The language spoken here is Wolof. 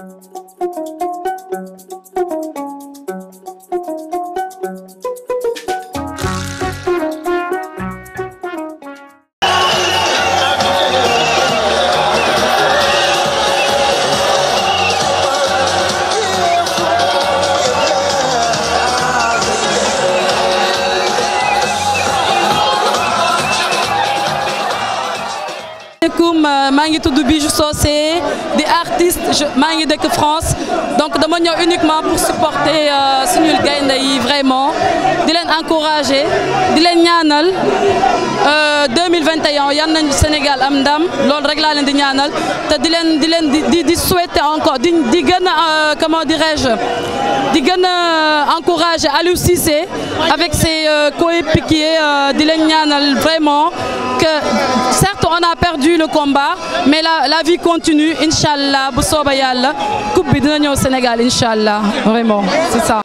Euh, maa ngi tudd Bijou Socé liste je maa ngi dëkk France donc dama ni uniquement pour supporter euh, suñu gaynde yi vraiment di leen encourager di leen ñaanal 2021 yan nañ Sénégal am ndam loolu rek laa leen di ñaanal te di leen di leen di di souhaiter encore di di gën a euh, comment dirais-je di gën a encourager Aliou Cissé avec ses euh, coéquipiers di leen ñaanal vraiment que on a perdu le combat mais la la vie continue incha allah bu sooba yàlla coupe bi dina ñëw Sénégal incha allah vraiment c'est ça.